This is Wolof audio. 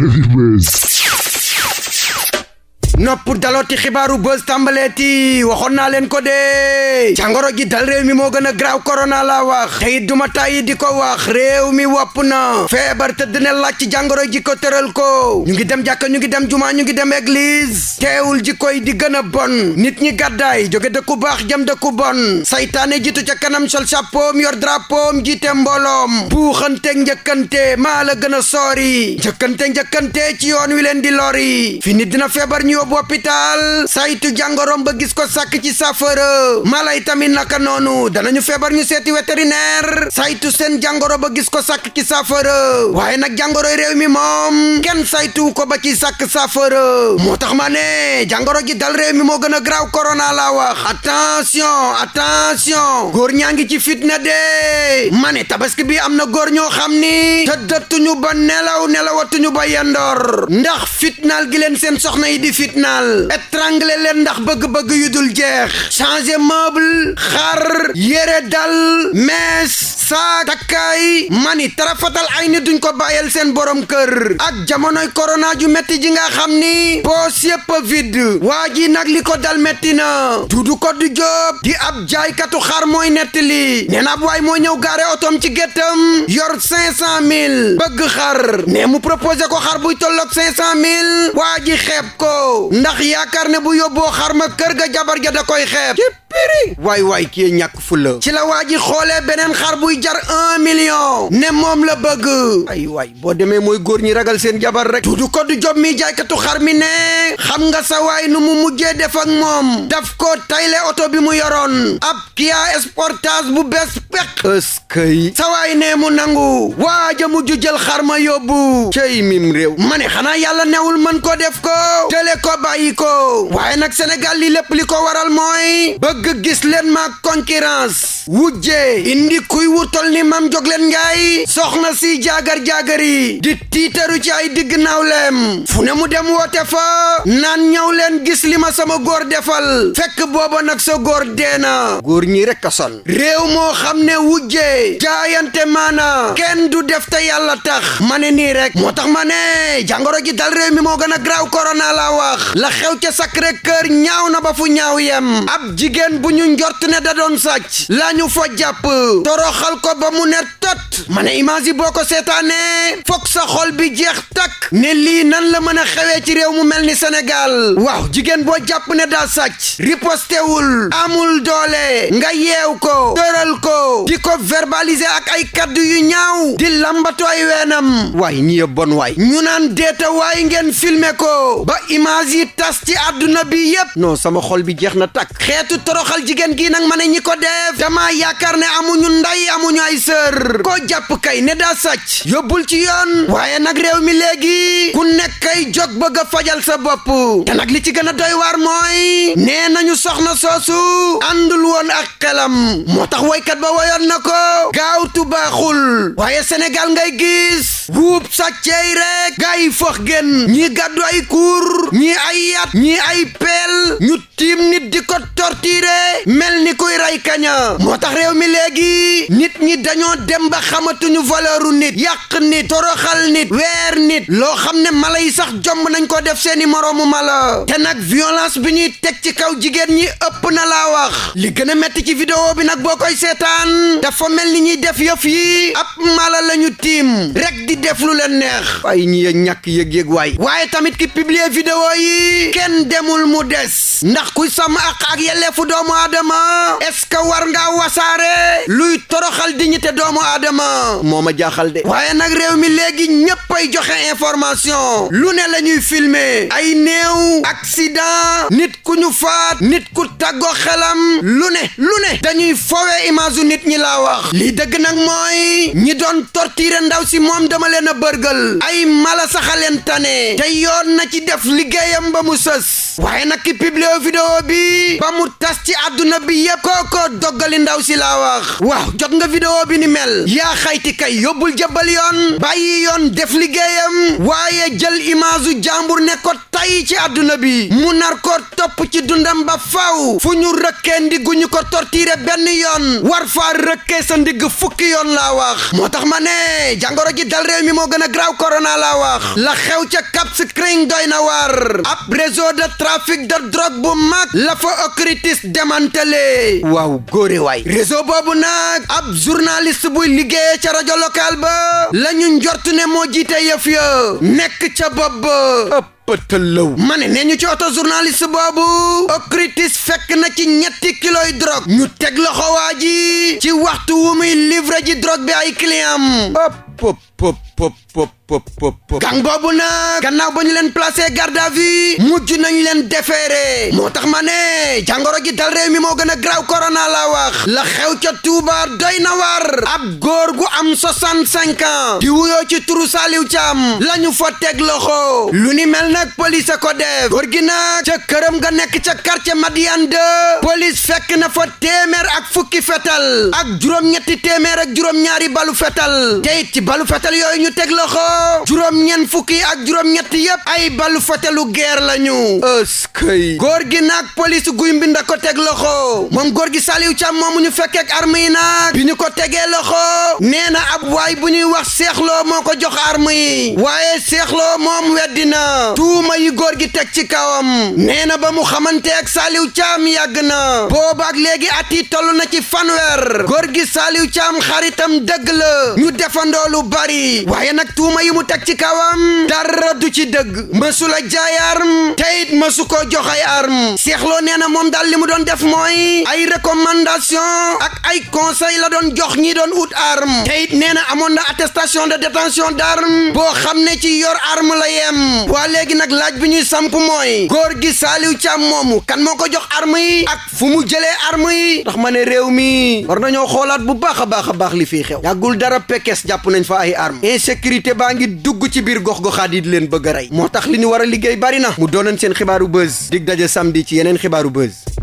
Heavyweight. nopp dalooti xibaaru bës tàmbaleeti waxoon naa leen ko dee jàngoro ji dal réew mi moo gën a graaw korona la wax te du duma tàyyi di ko wax réew mi wopp na feebar te dina laaj ci jàngoro ji ko tëral ko ñu ngi dem jàkka ñu ngi dem jumaa ñu ngi dem église teewul ji koy di gën a bon nit ñi gàddaay jóge dëkku baax jëm dëkku bon saytaane jiitu ca kanam sol sapoom yor drapoom jiite mbooloom buuxante njëkkante maa la gën a soori njëkkante njëkkante ci yoon wi leen di lori fi nit dina feebar ñu yóbbu hôpital saytu jàngoroom ba gis ko sàkk ci saafara mala yi tamit naka noonu ñu feebar ñu seeti vétérinaire saytu seen jàngoro ba gis ko sàkk ci saafara waaye nag jàngoro réew mi moom kenn saytu ko ba ci sàkk saafara moo tax ma ne jàngoro ji dal réew mi moo gën a graaw corona laa wax attention attention góor ñaa ngi ci fitna de ma ne tabaski bi am na góor ñoo xam ni tëddatuñu ba nelaw nelawatuñu ba yendoor ndax fitnaal gi leen seen soxna yi di fit naal étranglé leen ndax bëgg-bëgg yu dul jeex changer meuble xar yére dal mees saa takkaay mani tarafatal ay nit duñ ko bàyyel seen borom kër ak jamonoy corona ju metti ji nga xam ni poos yépp vide waa ji nag li ko dal metti na dudu ko du jóob di ab jaaykatu xar mooy netti li nee waay moo ñëw gaare otoom ci géttam yor cinq cent mille bëgg xar ne mu proposé ko xar buy tolloog cinq cent mille waa ji xeeb ko ndax yaakaar ne bu yóbboo xar ma kër ga jabar ja da koy xeeb biiri waay waay kii ñàkk fulla ci la waa ji xoolee beneen xar buy jar un million ne moom la bëgg ay waay boo demee mooy góor ñi ragal seen jabar rek du ko du job mi jaaykatu xar mi ne xam nga sa waay nu mu mujjee def moom daf ko tayle oto bi mu yoroon ab Kia Sportage bu bees peq ëskëy sa waay ne mu nangu waaja mujj jël xar ma yóbbu cey mim réew ma ne xanaa yàlla newul mën ko def ko tële ko bàyyi ko waaye nag Sénégal li lépp li ko waral mooy bëgg bëgg gis leen ma concurrence wujje indi kuy wutal ni mam jog leen ngaay soxna si jaagar-jaagar yi di tiitaru ci ay digg nawleem fu ne mu dem woote fa naan ñëw leen gis li ma sama góor defal fekk booba nag sa góor deena góor ñi rek a son réew moo xam ne wujje jaayante maana kenn du def te yàlla tax ma ne nii rek moo tax ma ne jàngoro ji dal réew mi moo gën a graaw korona la wax la xew ca Sacré-Cœur ñaaw na ba fu ñaaw yem ab jigéen waañ bu ñu njort ne da doon sàcc la ñu fa jàpp toroxal ko ba mu ne tot ma image yi boo ko seetaanee foog sa xol bi jeex takk ne lii nan la mën a xewee ci réew mu mel ni Sénégal waaw jigéen boo jàpp ne daa sàcc ripostewul amul doole nga yeew ko tëral ko di ko verbaliser ak ay kaddu yu ñaaw di lambatu ay weenam waaye bon waay ñu naan deeta waay ngeen filme ko ba image yi tas ci àdduna bi yépp non sama xol bi jeex na takk toroxal jigéen gi nag ma ne ñi ko def dama yaakaar ne amuñu nday amuñu ay sër koo jàpp kay ne daa sàcc yóbbul ci yoon waaye nag mi léegi ku nekk kay jóg bëgg a sa bopp li ci gën a doy waar mooy nee nañu soxna soosu àndul woon ak xelam moo tax woykat ba woyoon na ko gaawtu baaxul waaye senegal ngay gis wuub sàcceey rek gaa yi fox ñi ñii gàddu ay kuur ñii ay yat ñii ay peel ñu tiim nit di ko tortir de mel ni kuy ray kaña moo tax réew mi léegi nit ñi dañoo dem ba xamatuñu valeuru nit yàq nit toroxal nit weer nit loo xam ne mala yi sax jomb nañ ko def seeni moroomu mala te nag violence bi ñuy teg ci kaw jigéen ñi ëpp na laa wax li gën a metti ci vidéo bi nag boo koy seetaan dafa mel ni ñuy def yëf yi ab mala lañu tiim rek di def leen neex ay ñi ñàkk yég yëg waay waaye tamit ki publier vidéo yi kenn demul mu des ndax kuy sàmm ak ak yelleefu doomu aadama est-ce que war ngaa wasaare luy toroxal te doomu aadama moom a jaaxal de waaye nag réew mi léegi ñéppay joxe information lu ne lañuy filme ay néew accident nit ku ñu faat nit ku tàggoo xelam lu ne lu ne dañuy fowee image nit ñi laa wax lii dëgg nag mooy ñi doon torturer ndaw si moom dama leen a bërgal ay mala saxaleen tane te yoon na ci def liggéeyam ba mu sës waaye nag ki publié bi ba mu tas ci àdduna bi yëpp ko doggali ndaw si laa waaw jot nga vidéo bi ni mel yaa xayti kay yóbbul jëbbal yoon bàyyi yoon def liggéeyam waaye jël image u ne ko tay ci adduna bi mu nar ko topp ci dundam ba faw fu ñu rëkkee ndiggu ko tortiré benn yoon war faa rëkkee sa ndigg fukki yoon laa moo tax ma ne jàngoro ji dal réew mi moo gën a graw korona laa la xew ca Cap Skirring doy na war ab réseau de trafic de drogue bu mag la fa OCRTIS démantelé waaw góore waay réseau boobu nag ab journaliste buy liggéeye ca rajo local ba la ñu njort ne moo jiite yëf ya nekk ca bopp ba pëtëlëw ma ne nee ñu ci oto journaliste boobu OCRTIS fekk na ci ñetti kiloy drogue ñu teg loxo waa ji ci waxtu wu muy livre ji drogue bi ay client am pop pop pop pop pop gang boobu nag gannaaw ba ñu leen placé garde mujj nañ leen defeere moo tax ma ne jàngoro ji dal réew mi moo gën a graw corona la wax la xew ca Tuuba doy na war ab góor gu am soixante-cinq ans di wuyoo ci turu Saliw Caam la ñu fa teg loxo lu ni mel nag police a ko def góor gi nag ca këram nga nekk ca quartier Madiane 2 police fekk na fa téeméer ak fukki fetal ak juróom-ñetti téeméer ak juróom-ñaari balu fetal te ci balu fetal yooyu ñu teg loxo juróom-ñeent fukki ak juróom-ñett yépp ay balu fatelu guerre lañu ëskay góor gi nag polis guy mbind ak ko teg loxo moom góor gi Saliou Thiam moomu ñu fekkeek arme yi nag bi ñu ko tegee loxo nee na ab waay bu ñuy wax seexloo moo ko jox arme waaye seexloo moom weddi na tuuma yi góor gi teg ci kawam nee na ba mu xamante ak Saliou Thiam yàgg na ak léegi at yi toll na ci fanweer góor gi Saliou Thiam xaritam dëgg la ñu defandoo lu bari waaye nag tuuma yi mu teg ci kawam dara du ci dëgg mësula jaayaar tey masu ko jox ay arme Cheikh Lo nee na moom daal li mu doon def mooy ay recommandation ak ay conseil la doon jox ñi doon ut arme te it nee na amoon na attestation de détention d'arme boo xam ne ci yor arme la yem waa léegi nag laaj bi ñuy samp mooy góor gi Saliou Thiam moomu kan moo ko jox arme yi ak fu mu jëlee arme yi ndax ma ne réew mi war nañoo xoolaat bu baax a baax a baax li fii xew yàggul dara pekes jàpp nañ fa ay arme insécurité baa ngi dugg ci biir gox goxaat yi di leen bëgg a moo tax li ñu war a liggéey bari na mu doonoon seen xibaaru buzz dig daje samedi ci yeneen xibaaru buzz.